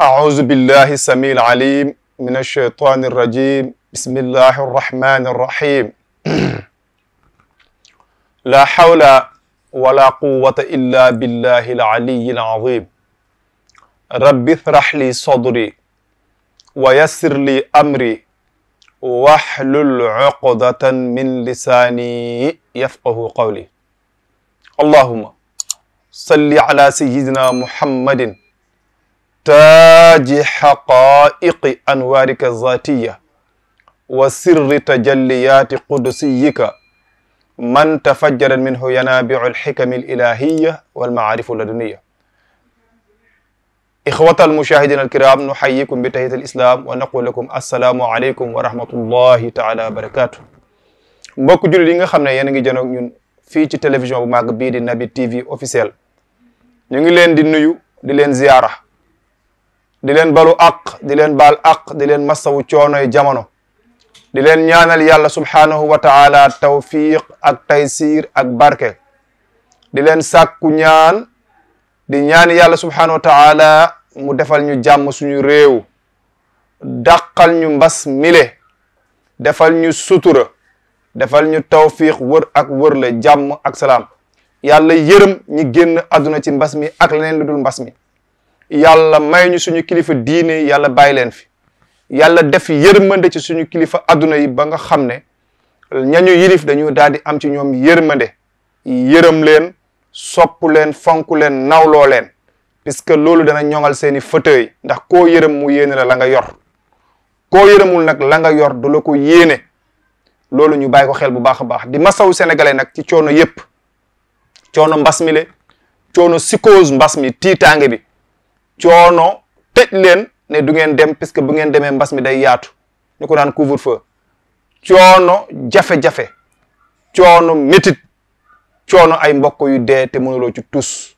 أعوذ بالله السميع العليم من الشيطان الرجيم بسم الله الرحمن الرحيم لا حول ولا قوة إلا بالله العلي العظيم رب اشرح لي صدري ويسر لي أمري واحلل عقدة من لساني يفقه قولي اللهم صل على سيدنا محمد taaji xaqaa'iqi anwaarika zaatiya wa sirri tajalliyaati qudusiyika man tafajjarat minhu yanaabicu alxikami alilahiya walmacaarifu laduniya ixwata almushahidina alkiram nuxayikum bi lakum assalaamu aleykum wa rahmatullahi taala wa barakatuh mbokk jullit yi nga xam ne yéen a ngi janoog ñun fii ci télévision bu mag bii di Nabi TV officiel ñu ngi leen di nuyu di leen ziyaara di leen balu aq di leen baal aq di leen masawu coonoy jamono di leen ñaanal yàlla subhaanahu wa taala tawfiq ak taysir ak barke di leen sàkku ñaan di ñaan yàlla subhaanahu wa mu defal ñu jàmm suñu réew dàqal ñu mbas mile defal ñu sutura defal ñu tawfiq wër ak wër la jàmm ak salaam yàlla yërëm ñi génn àdduna ci mbas mi ak leneen lu dul mbas mi yàlla may ñu suñu kilifa diine yàlla bàyyi leen fi yàlla def yërmande ci suñu kilifa adduna yi ba nga xam ne ñañu yilif dañu daal di am ci ñoom yërmande yërëm leen sopp leen fonk leen nawloo leen que loolu dana ñoŋal seeni fauteuil ndax ko yërëm mu yéene la la nga yor koo yërëmul nag la nga yor du la ko yéene loolu ñu bàyyi ko xel bu baax a baax di masawu sénégalais nag ci coono yëpp coono mbas mi le coono psychose mbas mi tiitaange bi coono tëj leen ne du ngeen dem puisque bu ngeen demee mbas mi day yaatu ñu ko daan couvre-feu coono jafe-jafe coono métit coono ay mbokk yu dee te mënuloo ci tus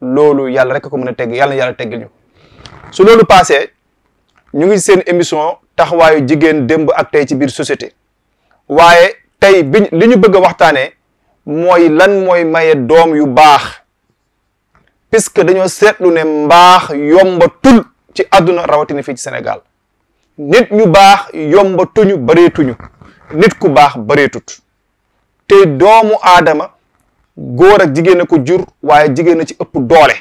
loolu yàlla rek ko mun a tegg yàlla na yàlla teggal ñu su loolu passé ñu ngi seen émission taxawaayu jigéen démb ak tey ci biir société waaye tey li ñu bëgg a waxtaanee mooy lan mooy maye doom yu baax puisque dañoo seetlu ne mbaax yombatul ci àdduna rawatina fii ci senegal nit ñu baax yomba tuñu bareetuñu nit ku baax bareetut te doomu aadama góor ak jigéen a ko jur waaye jigéen ci ëpp doole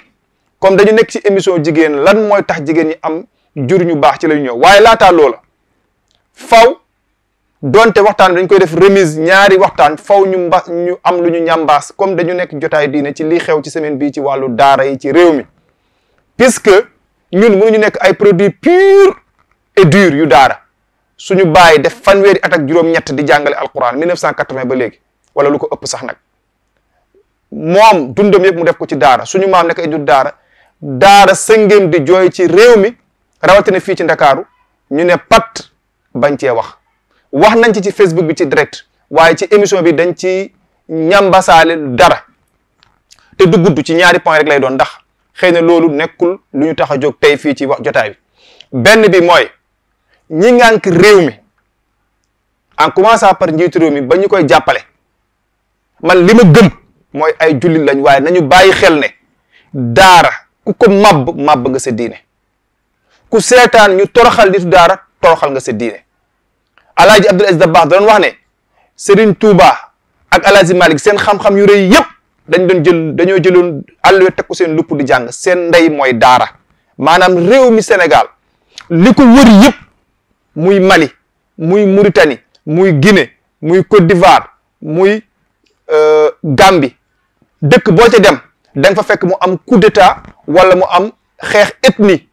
kom dañu nekk ci émission jigéen lan mooy tax jigéen ñi am jur ñu baax ci lañu ñëw waaye laataa loola donte waxtaan dañ koy def remise ñaari waxtaan faw ñu mba ñu am lu ñu ñambaas comme dañu nekk jotaay diine ci lii xew ci semaine bii ci wàllu daara ci réew mi puisque ñun mënuñu nekk ay produit pur et yu daara suñu bàyyi def fanweeri at ak juróom di jàngale alquran 1980 ba léegi wala lu ko ëpp sax nag moom dundam yëpp mu def ko ci daara suñu maam nekk ay du daara daara sëngéem di jooy ci réew mi rawatina fii ci ndakaaru ñu ne pat bañ cee wax wax nañ ci ci Facebook bi ci direct waaye ci émission bi dañ ci ñambasaale dara te du gudd ci ñaari point rek lay doon ndax xëy na loolu nekkul lu ñu tax a jóg tey fii ci wax jotaay bi benn bi mooy ñi ngànk réew mi en commençant par njiitu réew mi ba ñu koy jàppale man lima ma gëm mooy ay jullit lañ waaye nañu bàyyi xel ne daara ku ko màbb màbb nga sa ku seetaan ñu toroxal nitu daara toroxal nga sa alaaji Abdul Aziz Dabakh da doon wax ne Serigne Touba ak alaaji malik seen xam-xam yu rëy dañ doon jël dañoo jëloon àll teg ko seen lupp di jàng seen ndey mooy daara maanaam réew mi Sénégal li ko wër yëpp muy Mali muy Mauritanie muy Guinée muy Côte d'Ivoire muy euh, Gambie dëkk boo ca dem da nga fa fekk mu am coup walla wala mu am xeex ethnie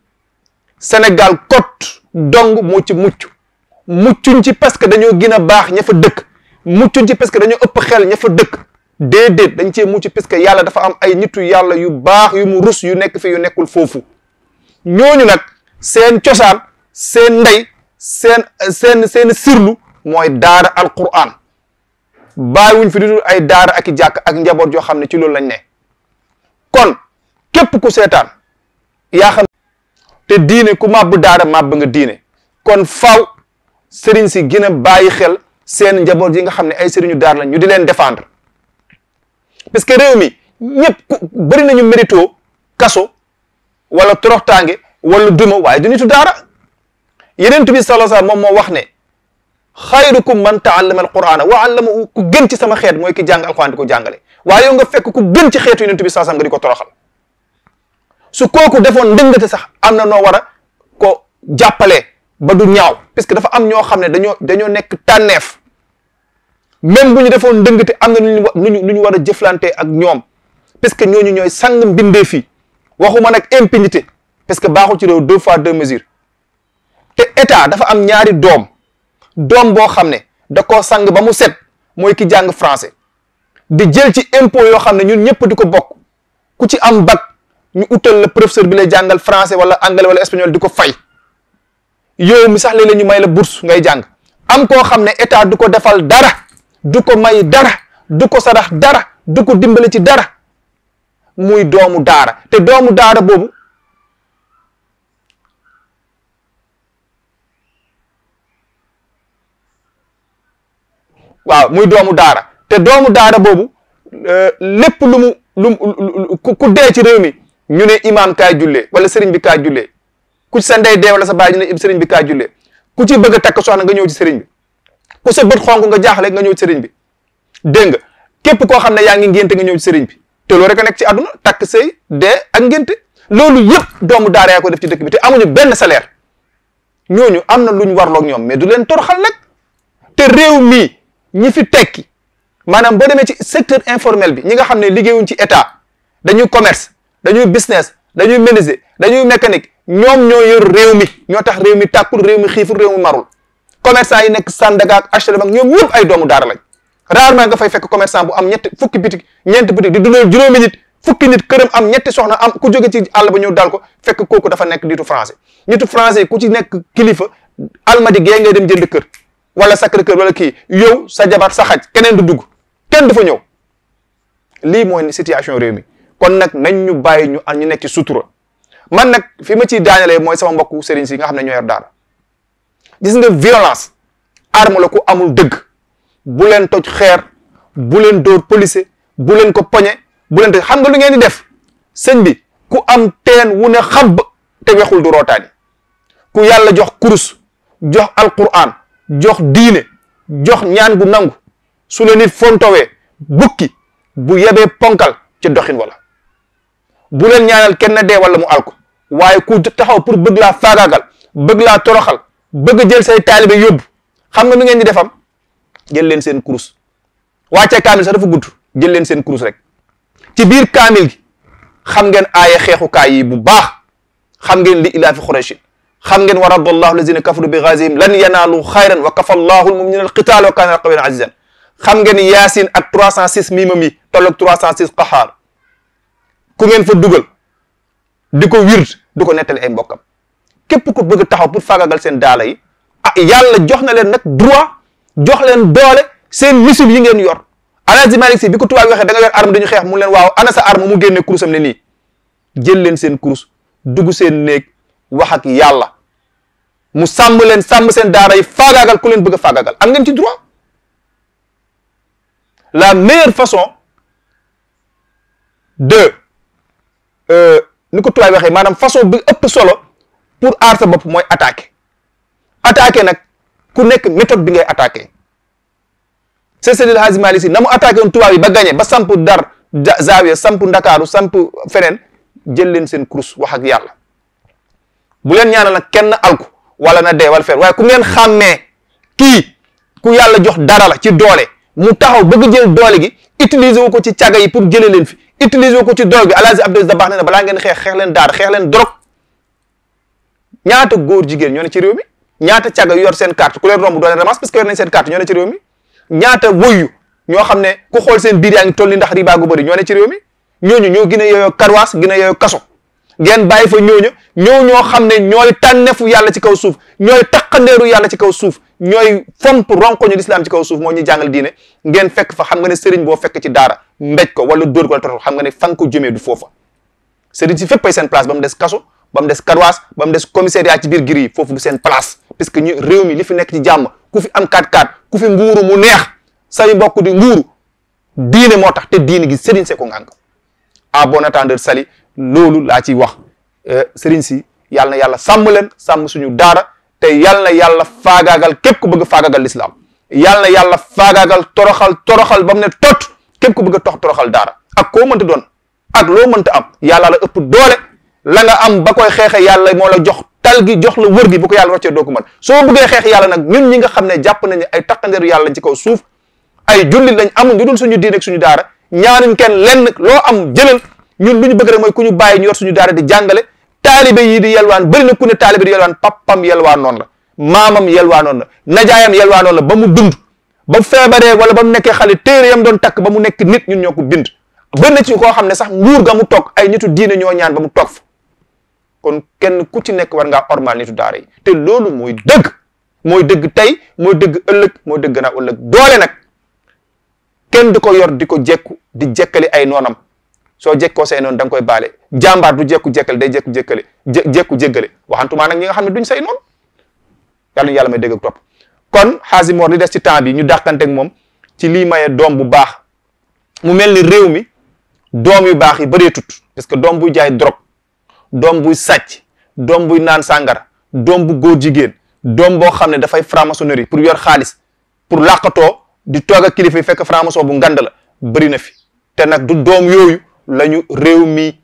Sénégal côte dong moo ci mucc muccuñ ci parce que dañoo gën a baax ñafa dëkk muccuñ ci parce que dañoo ëpp xel ñafa dëkk dëkk déet dañ cee mucc parce que yàlla dafa am ay nitu yàlla yu baax yu mu rus yu nekk fi yu nekkul foofu ñooñu nag seen cosaan seen ndey seen seen seen sirlu mooy daara alquran bàyyiwuñ fi dudul ay daara ak i jàkk ak njaboot yoo xam ne ci loolu lañ ne kon képp ku seetaan yaa xam te diine ku màbb daara màbb nga diine kon faw sëriñ si gën a bàyyi xel seen njaboot yi nga xam ne ay sëriñu daar lañ ñu di leen défendre parce que réew mi ñëpp bari bëri nañu mérito kaso wala toroxtaange wala duma waaye du nitu daara yeneen bi sallallahu alayhi moom moo wax ne xayrukum man taallama alqur'ana wa allamahu ku gën sama xeet mooy ki jàng alqur'an ko jàngale waaye yow nga fekk ku gën ci xeetu yeneen bi sallallahu alayhi wasallam nga di ko toroxal su kooku defoon ndëngate sax am na noo war a ko jàppalee ba du ñaaw parce que dafa am ñoo xam ne dañoo dañoo nekk tànneef même bu ñu defoon ndëngte am na nu ñu war a jëflante ak ñoom puisque ñooñu ñooy sang mbindee fii waxuma nag impunité parce que baaxul ci réew deux fois deux mesures te état dafa am ñaari doom doom boo xam ne da ko sang ba mu set mooy ki jàng français di jël ci impôt yoo xam ne ñun ñëpp di ko bokk ku ci am bac ñu utal la professeur bi lay jàngal français wala anglais wala espagnol di ko fay yow mi sax léeg ñu may la bourse ngay jàng am koo xam ne état du ko defal dara du ko may dara du ko sarax dara du ko dimbali ci dara muy doomu daara te doomu daara boobu waaw muy doomu daara te doomu daara boobu euh, lépp lu mu lu ku dee ci réew mi ñu ne imaam kaay jullee wala sëriñ bi kaay ku ci sa ndey dee wala sa baay sëriñ bi ka jullee ku ci bëgg a takk soxna nga ñëw ci sëriñ bi ku sa bët nga jaaxle nga ñëw ci sëriñ bi dégg nga képp koo xam ne yaa ngi ngénte nga ñëw ci sëriñ bi te loolu rek a nekk ci àdduna takk sëy dee ak ngénte loolu yëpp doomu daara ko def ci dëkk bi te amuñu benn salaire ñooñu am na luñ warloog ñoom mais du leen torxal nag te réew mii ñi fi tekki maanaam boo ci secteur informel bi ñi nga xam ne liggéeyuñ ci état dañu commerce dañuy business dañuy menuisier dañuy mécanique ñoom ñoo yor réew mi ñoo tax réew mi tàkkul réew mi xiiful réew mi marul commerçant yi nekk Sandaga ak HLM ñoom ñëpp ay doomu daara lañ rarement nga fay fekk commerçant bu am ñett fukki bitik ñeenti bitik di dundal juróomi nit fukki nit këram am ñetti soxna am ku jóge ci àll ba ñëw dal ko fekk kooku dafa nekk nitu français nitu français ku ci nekk kilifa almadi gee ngay dem jënd kër wala sacré kër wala kii yow sa jabar sa keneen du dugg kenn du fa ñëw lii situation mi kon nag nañ ñu bàyyi ñu ñu nekk ci man nag fi ma ciy daañalee mooy sama mbokku sëriñ si nga xam ne ñoo yor daara gis nga violence arme ku amul dëgg buleen toj xeer bu leen dóor policier bu leen ko poñe bu toj xam nga lu ngeen di def sëñ bi ku am teen wu ne xab te wexul du rootaani ku yàlla jox kurus jox alquran jox diine jox ñaan gu nangu su la nit fontowee bukki bu yebee ponkal ci doxin wala bu leen ñaanal kenn dee wala mu alko waaye ku taxaw pour bëgg laa faagaagal bëgg laa toroxal bëgg jël say taalibe yóbbu xam nga nu ngeen di defam jël leen seen kurus wàccee kaamil sax dafa gudd jël leen seen kurus rek ci biir kaamil gi xam ngeen aaya xeexukaay bu baax xam li ilaa fi xuraysin xam ngeen wa kafaru bi gazihim lan yanaalu xayran wa kafa allahu almuminina alqitaal wa kaana qawiyan azizan xam ngeen yaasin ak 306 miimam yi ku ngeen fa dugal di ko wird du ko nettali ay mbokkam képp ku bëgg taxaw pour faagagal seen daala yi ah yàlla jox na leen nag droit jox leen doole seen misil yi ngeen yor Alaaji Malick Si bi ko tubaab yi waxee da yor arme dañu xeex mu leen waaw ana sa arme mu génne kurusam ne nii jël leen seen kurus dugg seen néeg wax ak yàlla mu sàmm leen sàmm seen daara yi faagaagal ku leen bëgg a faagaagal am ngeen ci droit la meilleure façon Euh, ni ko tubaab waxee maanaam façon bi ëpp solo pour aar sa bopp mooy attaquer attaquer nag ku nekk méthode bi ngay attaquer c'est Seydil Hadji si na mu attaqué woon tubaab ba gagné ba samp dar zaawiya samp ndakaaru samp feneen jël leen seen kurus wax yàlla bu leen ñaanal nag kenn alku wala na dee wala fer waaye ku ngeen xàmmee kii ku yàlla jox dara la ci doole mu taxaw bëgg jël doole gi utiliser ko ci caga yi pour jëlee leen fi utiliser ko ci drogue bi Alaaji Abdou Dabakh ne na balaa ngeen xeex xeex leen daar xeex leen drogue ñaata góor jigéen ñoo ne ci réew mi ñaata càgga yor seen carte ku leen romb doo parce que yor nañ seen carte ñoo ne ci réew mi ñoo xam ne ku xool seen biir yaa ngi toll ni ndax riba gu bëri ñoo ci réew mi ñooñu ñoo gën a yooyoo karwaas gën a yooyoo kaso ngeen bàyyi fa ñooñu ñoo ñoo xam ne ñooy tànnefu yàlla ci kaw suuf ñooy taqandeeru yàlla ci kaw suuf ñooy fomp ronkoñu lislaam ci kaw suuf moo ñu jàngal diine ngeen fekk fa xam nga ne sëriñ boo fekk ci daara mbéj ko wala dóor ko wala toroxal xam nga ne fa nga ko jëmee du foofa sëriñ si fépp ay seen place ba mu des kaso ba mu des karwaas ba des commissariat ci fi nekk ci jàmm mu neex say bokk di nguuru diine moo tax te diine gi sëriñ see ko ngànk à bon entendeur sali loolu laa ciy wax euh, sëriñ si yàlla na yàlla sàmm leen sàmm suñu daara te yàlla na yàlla faagaagal képp ku bëgg faagaagal lislaam yàlla na yàlla faagaagal toroxal toroxal ba ne tot képp ku bëgg a tox toroxal daara ak koo mënta doon ak loo mënta am yàlla la ëpp doole la nga am ba koy xeexe yàlla moo la jox tal gi jox la wër gi bu ko yàlla roccee doo ko mën soo bëggee xeex yàlla nag ñun ñi nga xam ne jàpp nañu ay taqandeeru yàlla lañ ci kaw suuf ay jullit lañ amul nga dul suñu diine suñu daara ñaanuñ kenn lenn loo am jëlal ñun lu ñu bëgg rek mooy ku ñu bàyyi ñu yor suñu daara di jàngale taalibe yi di yelwaan bëri na ku ne taalibe di yelwaan papam yelwaan noonu la maamam yelwaan noonu la najaayam yelwaan noonu la ba mu dund ba mu feebaree wala ba mu nekkee xale téere yam doon takk ba mu nekk nit ñun ñoo ko bind ba na ci koo xam ne sax nguur ga mu toog ay nitu diine ñoo ñaan ba mu toog fa kon kenn ku ci nekk war ngaa ormal nitu daara yi te loolu mooy dëgg mooy dëgg tey mooy dëgg ëllëg mooy dëgg naa ëllëg doole nag kenn du ko yor di ko jekku di jekkale ay noonam soo jekkoo say noon da koy baale jàmbaar du jekku jekkale day jekku jekkale jekku jéggale waxantumaa nag ñi nga xam ne duñ say noon yàlla na yàlla may dégg topp kon xaasi moor li des ci temps bi ñu dàqanteeg moom ci lii maye doom bu baax mu mel ni réew mi doom yu baax yi bëree tut parce que doom buy jaay drogue doom buy sàcc doom buy naan sàngara doom bu góor jigéen doom boo xam ne dafay franc-maçonnerie pour yor xaalis pour làqatoo di toog kilifa yi fekk franc bu ngand la bëri na fi te nag du doom yooyu la réew mi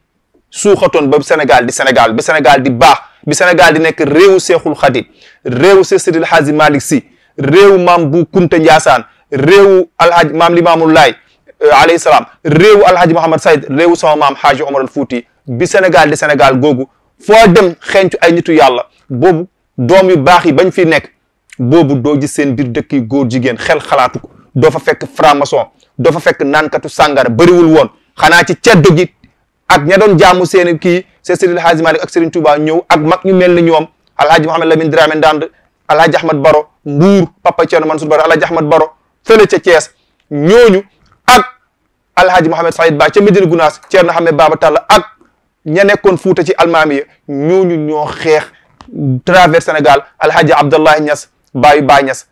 suuxatoon ba Sénégal di Sénégal bi Sénégal di baax bi Sénégal di nekk réew Seexul Xadiim réewu Seydil Hadji Malick si réewu maam bu Kunta Njaasaan réewu alhaj maam Limaamu Laay euh, alayhi salaam réewu alhaj Mouhamad Saïd réewu sama maam Haaji Omar al bi senegal di senegal googu foo dem xencu ay nitu yàlla boobu doom yu baax yi bañ fi nekk boobu doo gis seen biir dëkk yi góor jigéen xel xalaatu ko doo fa fekk franc-maçon doo fa fekk naankatu sàngara bariwul woon xanaa ci ceddo gi ak ña doon jaamu seen kii Seydil Hadji Malick ak Serigne Touba ñëw ak mag ñu mel ni ñoom Alhaji Mouhamed Lamine Dramé Ndande Alaaji Ahmad Baro Mbuur Papa Thierno Mansour Baro Alaaji Ahmad Baro fële ca Thiès ñooñu ak Alhaji Mohamed Saïd Ba ca Médina Gounass Thierno Ahmed baaba Tall ak ña nekkoon Fuuta ci almaami ya ñooñu ñoo xeex travers Sénégal Alhaji Abdallahi Niass Baye Baye Niass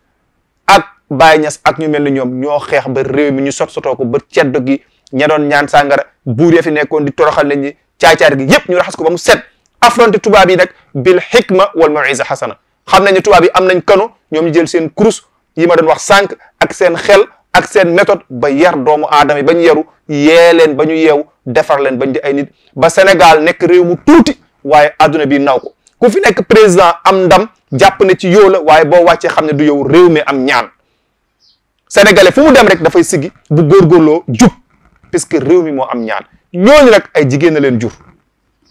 ak Baye Niass ak ñu mel ni ñoom ñoo xeex ba réew mi ñu sot sotoo ko ba ceddo gi ña doon ñaan sàngara buur ya fi nekkoon di toroxal nit ñi caacaar gi yépp ñu raxas ko ba mu set affronté tubaab yi nag bil hikma wal mawisa hasana xam nañu tubaab yi am nañ kano ñoom ñu jël seen kurus yi ma doon wax sànq ak seen xel ak seen méthode ba yar doomu aadama yi ba ñu yaru yee leen ba ñu yeewu defar leen bañ di ay nit ba Sénégal nekk réew mu tuuti waaye adduna bi naw ko ku fi nekk président am ndam jàpp ne ci yow la waaye boo wàccee xam ne du yow réew mi am ñaan sénégalais fu mu dem rek dafay siggi bu góorgóorloo jub puisque réew mi moo am ñaan ñooñu nag ay jigéen na leen jur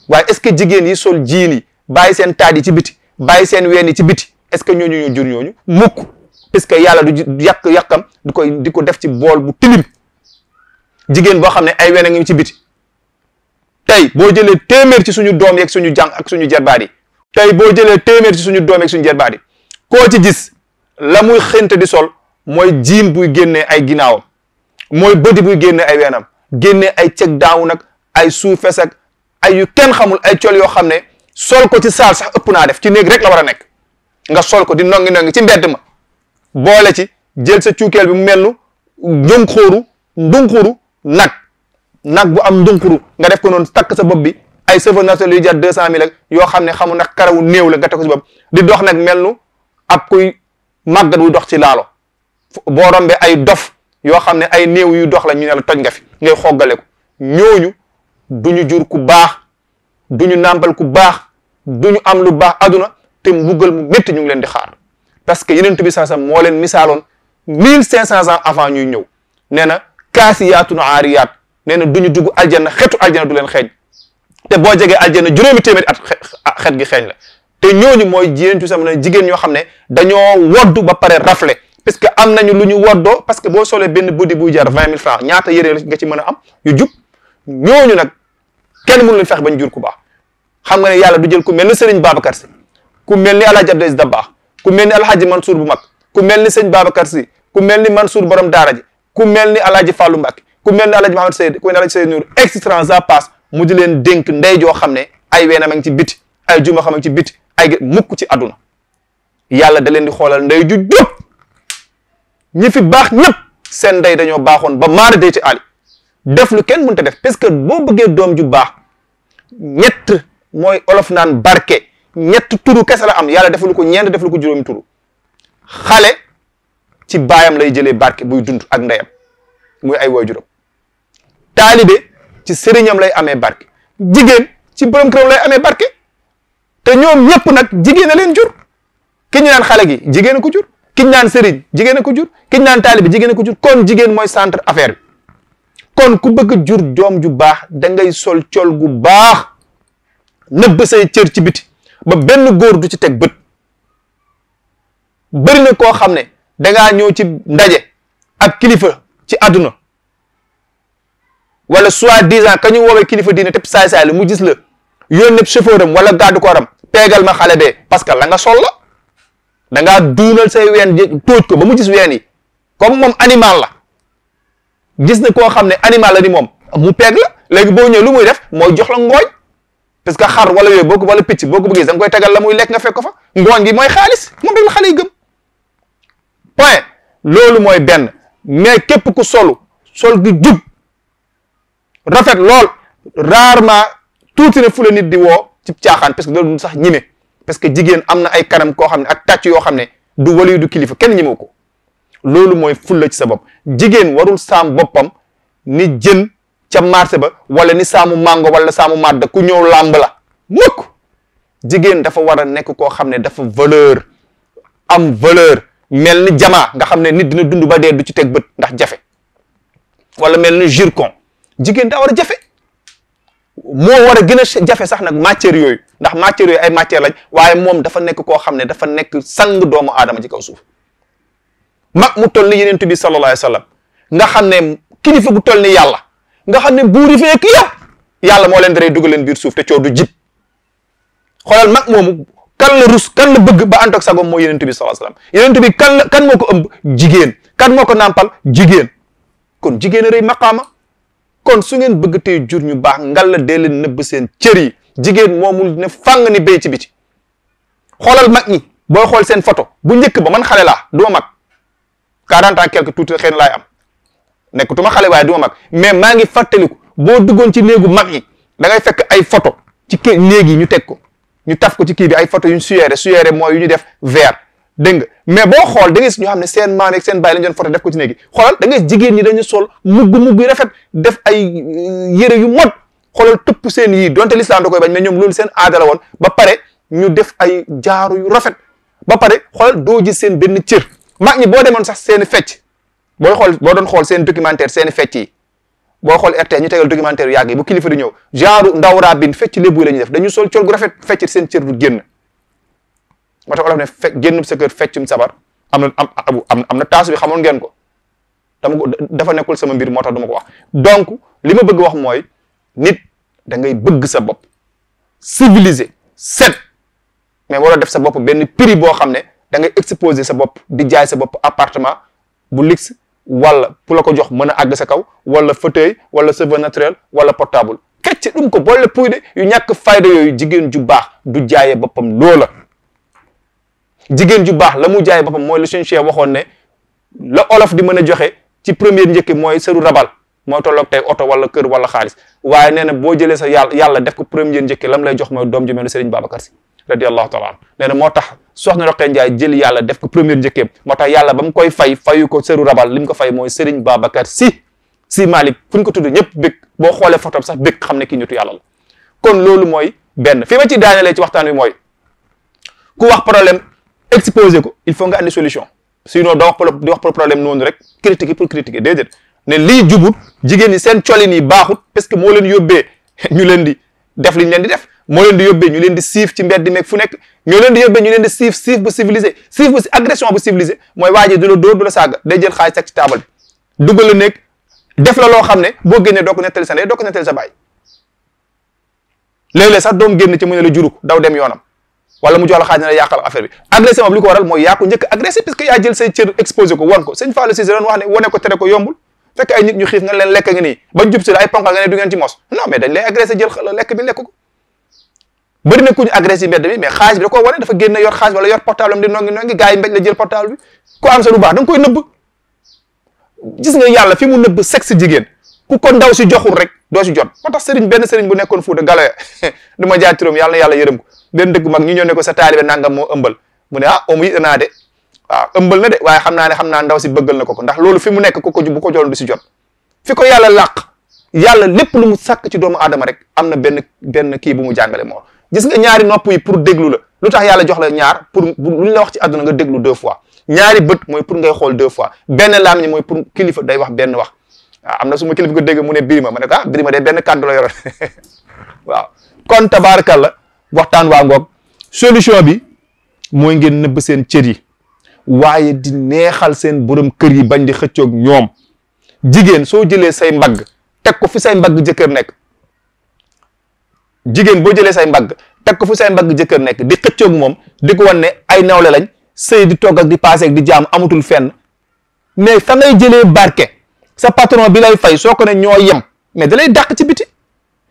waaye est-ce que jigéen yi sol jiin yi bàyyi seen taat yi ci biti bàyyi seen ween yi ci biti est-ce que ñooñu ñu jur ñooñu mukk parce que yàlla du yàq yàqam du koy di ko def ci bool bu tilim jigéen boo xam ne ay ween a ngi ci biti tey boo jëlee téeméer ci suñu doom yeeg suñu jàng ak suñu jarbaat yi tey boo jëlee téeméer ci suñu doom yeeg suñu jarbaat yi koo ci gis la muy xënte di sol mooy jiim buy génnee ay ginnaawam mooy bëti buy génnee ay wenam génnee ay cëg daaw nag ay suufes ak ay yu kenn xamul ay col yoo xam ne sol ko ci saal sax ëpp naa def ci néeg rek la war a nekk nga sol ko di nongi nongi ci mbedd ma boole ci jël sa cuukeel bi mu mel nu njunxóoru ndunxuru nag nag bu am ndunxuru nga def ko noonu takk sa bopp bi ay cheveux naturels yu jar deux cent mille yoo xam ne xamu nag karawu néew la nga teg ko bopp di dox nag mel nu ab kuy màggat wu dox ci laalo boo rombe ay dof yoo xam ne ay néew yu dox la ñu ne la toj nga fi ngay xoggale ko ñooñu duñu jur ku baax duñu nàmpal ku baax du ñu am lu baax aduna te mbugal mu métti ñu ngi leen di xaar parce que yeneen bi saasam moo leen misaaloon mille cinq cents ans avant ñuy ñëw nee na kaasiyaatun aariyaat nee na du ñu dugg aljanna xetu aljanna du leen xeeñ te boo jegee aljanna juróomi téeméeri at xet gi xeeñ la te ñooñu mooy yeneen bi saasam jigéen ñoo xam ne dañoo woddu ba pare rafle parce que am nañu lu ñu woddoo parce que boo solee benn buddi buy jar vingt mille francs ñaata yére nga ci mën a am yu jub ñooñu nag kenn mënu leen fex bañ jur ku baax xam nga ne yàlla du jël ku mel ni Serigne Babacar Sy ku mel ni El Hadj Abdoulaye baax ku mel ni El Hadj Mansour bu mag ku mel ni sëñ Babacar Sy ku mel ni mansuur borom daara ji ku mel ni El Hadj Fallou ku mel ni El Hadj Mohamed Seyd ku mel ni El Hadj Seyd Nour extra ça passe mu di leen dénk ndey joo xam ne ay weenam a ngi ci biti ay juma xam a ci biti ay mukk ci àdduna yàlla da leen di xoolal ndey ju jub ñi baax ñëpp seen ndey dañoo baaxoon ba maara day ci àll def lu kenn mënta def parce que boo bëggee doom ju baax mooy olof naan barke ñett turu kese la am yàlla defalu ko ñeent defalu ko juróomi turu xale ci baayam lay jëlee barke buy dund ak ndeyam muy ay waajuram taalibe ci sëriñam lay amee barke jigéen ci borom këram lay amee barke te ñoom ñëpp nag jigéen a leen jur ki naan xale gi jigéen a ko jur kiñ naan sëriñ jigéen a ko jur ki ñu naan taalibe jigéen ko jur kon jigéen mooy centre affaire bi kon ku bëgg jur joom ju baax da ngay sol col gu baax nëbb say cër ci biti ba benn góor du ci teg bët bëri na koo xam ne dangaa ñëw ci ndaje ak kilifa ci àdduna wala soi-disant ka ñu woowee kilifa diine te saay-saay la mu gis la yónnee chauffeur am wala gàddu kooram peegal ma xale bee parce que la nga sol la danga duunal say ween tóoj ko ba mu gis ween yi comme moom animal la gis na koo xam ne animal la ni moom mu peeg la léegi boo ñëwee lu muy def mooy jox la ngooñ parce que xar wala yooyu boo ko wala picc boo ko bëggee da nga koy tegal la muy lekk nga fekk ko fa ngooñ gi mooy xaalis moom rek la xale gëm point loolu mooy benn mais képp ku solu sol gi jub rafet lool rarement tuuti na fu la nit di woo ci caaxaan parce que loolu du sax ñime parce que jigéen am na ay kanam koo xam ne ak tàcc yoo xam ne du waliyu du kilifa kenn ñimew ko loolu mooy fulla ci sa bopp jigéen warul saam boppam ni jën ca marché ba walla ni saamu mango wala saamu màdd ku ñëw làmb la mukk jigéen dafa war a nekk koo xam ne dafa valeur am valeur mel ni jamaa nga xam ne nit dina dund ba dee du ci teg bët ndax jafe wala mel ni zircon jigéen daa war jafe moo war a jafe sax nag matière yooyu ndax matière yooyu ay matière lañ waaye moom dafa nekk koo xam ne dafa nekk sang doomu aadama ci kaw suuf mag mu tol ni yeneen bi sallallahu alayhi wa sallam nga xam ne kilifa gu toll ni yàlla nga xam ne buuri feek yëpp yàlla moo leen daree dugal leen biir suuf te coow du jib xoolal mag moomu kan rus kan la bëgg ba ànd ak sagoom mooy yonent bi sallallahu alayhi wasallam yonent kan la kan moo ko ëmb jigéen kan moo ko nàmpal jigéen kon jigéen a rëy maqaama kon su ngeen bëgg te jur ñu baax ngal la dee leen nëbb seen cër yi jigéen moomul ne fàng ni béy ci xoolal mag ni booy xool seen photo bu njëkk ba man xale laa du ma mag quarante ans quelque tuuti xëy na laay am ma xale waaye du ma mag mais maa ngi fàttaliku boo duggoon ci néegu mag yi da ngay fekk ay foto ci kii yi ñu teg ko ñu taf ko ci kii bi ay photo yu ñu suyeere suyeere mooy yu ñu def vert dégg nga mais boo xool da ngay gis ñoo ne seen maam ak seen baay lañ doon photo def ko ci néeg ñi dañu sol mugg mugg rafet def ay euh, yére yu mot xoolal tëpp seen yii donte lislaam ko koy bañ mais ñoom loolu seen aada woon ba pare ñu def ay jaaro yu rafet ba pare xoolal doo gis seen benn cër mag ñi boo demoon sax seen fecc booy xool boo doon xool seen documentaire seeni fecc boo xool RT ñu tegal documentaire yàgg yi bu kilifa di ñëw genre ndaw rabbin fecc lébu la ñuy def dañu sol col gu rafet fecc seen cër du génn moo tax olof génn sa kër feccum sabar am na am am am na taasu bi xamoon ngeen ko dama ko dafa nekkul sama mbir moo tax duma ko wax donc li ma bëgg wax mooy nit da ngay bëgg sa bopp civilisé set mais waroo def sa bopp benn prix boo xam ne dangay ngay exposer sa bopp di jaay sa bopp appartement bu luxe walla pu la ko jox mën a àgg sa kaw walla fauteuil walla cheveux naturel walla portable kecc ɗum ko bolle puyde yu ñàkk fayda yooyu jigéen ju baax du jaayee boppam loola jigéen ju baax la mu jaayee boppam mooy la suñu cheikh waxoon ne la olof di mën a joxe ci première njëkk mooy sëru rabal mooy tolloog tey oto wala kër wala xaalis waaye nee na boo jëlee sa yàlla yàlla def ko première njëkk lam lay jox mooy doom ju mel ne Serigne Babacar radiallahu taala anhu nee na moo tax soxna Roqee Njaay jël yàlla def ko premier njëkkeem moo tax yàlla ba mu koy fay fayu ko seru rabal li mu ko fay mooy Serigne Babacar si si Malick fu ñu ko tudd ñëpp bëgg boo xoolee fotoom sax bëgg xam ne kii nitu yàlla la kon loolu mooy benn fi ma ci daanelee ci waxtaan wi mooy ku wax problème exposé ko il faut nga andi solution sinon doo wax wax problème noonu rek critiquer pour critiquer déedéet ne lii jubut jigéen ñi seen colin yi baaxut parce que moo leen yóbbee ñu leen di def li leen di def moo leen di yóbbee ñu leen di siif ñu leen di siif siif bu civilisé siif bu agression bu civilisé mooy waa ji du la dóor du la saaga day jël xaalis teg ci taabal bi duggal la nekk def la loo xam ne boo génnee doo ko nettali sa ndey doo ko nettali sa daw dem yoonam wala mu jox la xaalis ne la yàqal affaire bi agressé moom li ko waral mooy yaa njëkk agressé parce que yaa jël say cër exposé ko wan ko sëñ Fallou Cissé doon wax ne wane ko tere ko yombul fekk ay ñu xiif nga leen lekk bi lekk ko bëri na ku ñu agressé mbedd mi mais xaalis bi da koo wane dafa génn yor xaalis wala yor portable am di nongi nongi gars yi mbéj la jël portable ku nga koy nëbb gis nga yàlla fi mu nëbb jigéen ku ko ndaw si joxul rek doo si jot moo tax benn sëriñ bu nekkoon Fuuta Galaya du ma jaay turam yàlla na yàlla yërëm ko benn dëkk mag ñu ñëw ne ko sa taalibe nangam moo ëmbal mu ne ah omu yit naa na de waaye xam naa ne xam naa ndaw si bëggal na ko ko ndax loolu fi mu nekk ku ko bu ko joloon si jot ko yàlla làq yàlla lépp lu mu sàkk ci doomu aadama rek am na benn benn kii bu mu jàngale moo gis nga ñaari nopp yi pour déglu la lu tax yàlla jox la ñaar pour luñ la wax ci àdduna nga déglu deux fois ñaari bët mooy pour ngay xool deux fois benn làmmiñ mooy pour kilifa day wax benn wax am na su ma kilifa ko dégg mu ne birima ma ne ko ah birima de benn kàddu la yoroon waaw kon tabaarakalla waxtaan waa ngoog solution bi mooy ngeen nëbb seen cër yi waaye di neexal seen boroom kër yi bañ di xëccoog ñoom jigéen soo jëlee say mbagg teg ko fi say mbagg jëkkër nekk jigéen boo jëlee say mbagg teg ko fu say mbagg jëkkër nekk di xëccoog moom di ko wan ne ay nawle lañ sëy di togg ak di paase di jaam amatul fenn mais fa ngay jëlee barke sa patron bi lay fay soo ko ne ñoo yem mais da lay dàq ci biti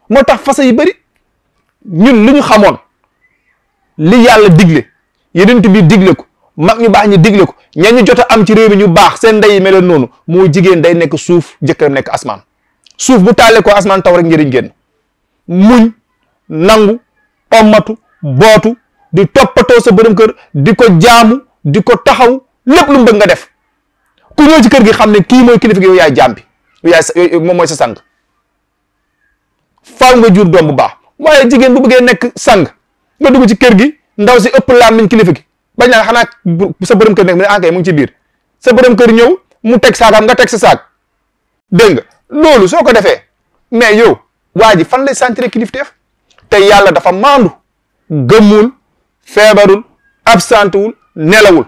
moo tax fasa yi bari ñun li ñu xamoon li yàlla digle yenent bi digle ko mag ñu baax ñu digle ko ña ñu jot am ci réew mi ñu baax seen ndey yi noonu moo jigéen day nekk suuf jëkkër nekk asmaan suuf bu taalee ko asmaan rek njëriñ génn nangu ommatu bootu di toppatoo sa borom kër di ko jaamu di ko taxaw lépp lu mu bëgg nga def ku ñëw ci kër gi xam ne kii kilifa gi yow yaay jaam bi yow yaay moom mooy sa sang faaw nga jur doom bu baax waaye jigéen bu bëggee nekk sang nga dugg ci kër gi ndaw si ëpp làmmiñ kilifa gi bañ naa xanaa sa borom kër nekk mu ne ankay ah ci biir sa borom kër ñëw mu teg saagam nga teg sa saag dégg nga loolu soo ko defee mais yow waa ji fan lay sentir kilifteef te yàlla dafa maandu gëmmul feebarul absente wul nelawul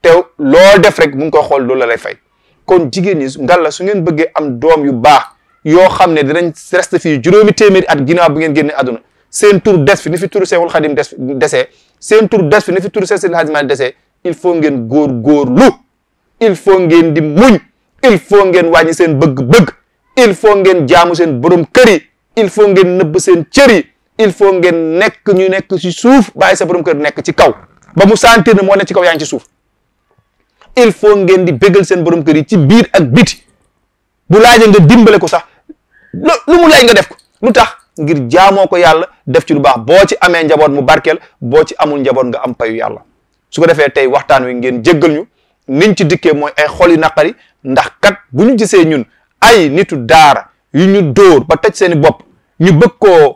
te loo def rek mu ngi koy xool loolu la lay fay kon jigéen ñi ngalla su ngeen bëggee am doom yu baax yoo xam ne dinañ reste fii juróomi téeméeri at ginnaaw bu ngeen génne àdduna seen tur des fi ni fi turu Seexul Xadim des desee seen tur des fi ni fi turu Seexul Xadim desee il faut ngeen góor góorlu il faut ngeen di muñ il faut ngeen wàññi seen bëgg-bëgg il faut ngeen jaamu seen borom kër yi il faut ngeen nëbb seen cër yi il faut ngeen nekk ñu nekk ci suuf bàyyi sa borom kër nekk ci kaw ba mu sentir ne moo nekk ci kaw yaa ci suuf il faut ngeen di bégal seen borom kër yi ci biir ak biti bu laajee nga dimbale ko sax lu mu laaj nga def ko lu tax ngir jaamoo ko yàlla def ci lu baax boo ci amee njaboot mu barkeel boo ci amul njaboot nga am payu yàlla su ko defee tey waxtaan wi ngeen jëggal ñu niñ ci dikkee mooy ay xol yu naqari ndax kat bu ñu gisee ñun ay nitu daara yu ñu dóor ba tëj seeni bopp ñu bëgg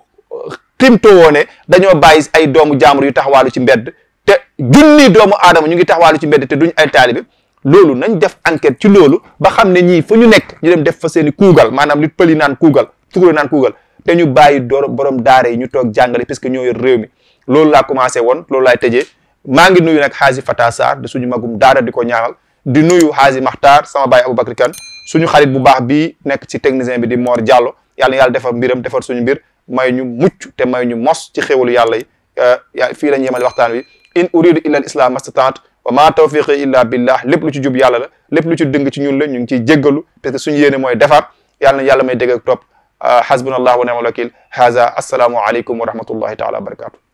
timto woone dañoo bàyyi ay doomu jaamur yu taxawaalu ci mbedd te junni doomu aadama ñu ngi taxawaalu ci mbedd te duñ ay taalibe loolu nañ def enquête ci ba xam ne ñii fa ñu nekk ñu dem def fa seeni kuugal maanaam li pëli naan kuugal tukuloo naan kuugal te bàyyi door borom daara yi ñu toog jàngale parce que ñoo yor réew mi loolu laa commencé woon loolu laa tëjee maa ngi nuyu nag xaaji Fata Sarr suñu magum daara di ko ñaanal di nuyu xaaji Maxtaar sama baay Aboubacar Kane suñu xarit bu baax bii nekk ci technicien bi di Mor Diallo yàlla yàlla defar mbiram defar suñu mbir may ñu mucc te may ñu mos ci xéwalu yàlla yi eh, yaa fii la ñu yemale waxtaan wi in uridu illa al islam mastataat wa ma tawfiqi illa billah lépp lu ci jub yàlla la lépp lu ci dëng ci ñun la ñu ngi ciy jéggalu parce que suñu yéene mooy defar yàlla na yàlla may dégg ak topp xasbunallah eh, wa ni'mal wakil haza assalaamu aleykum wa rahmatullahi taala wa barakatu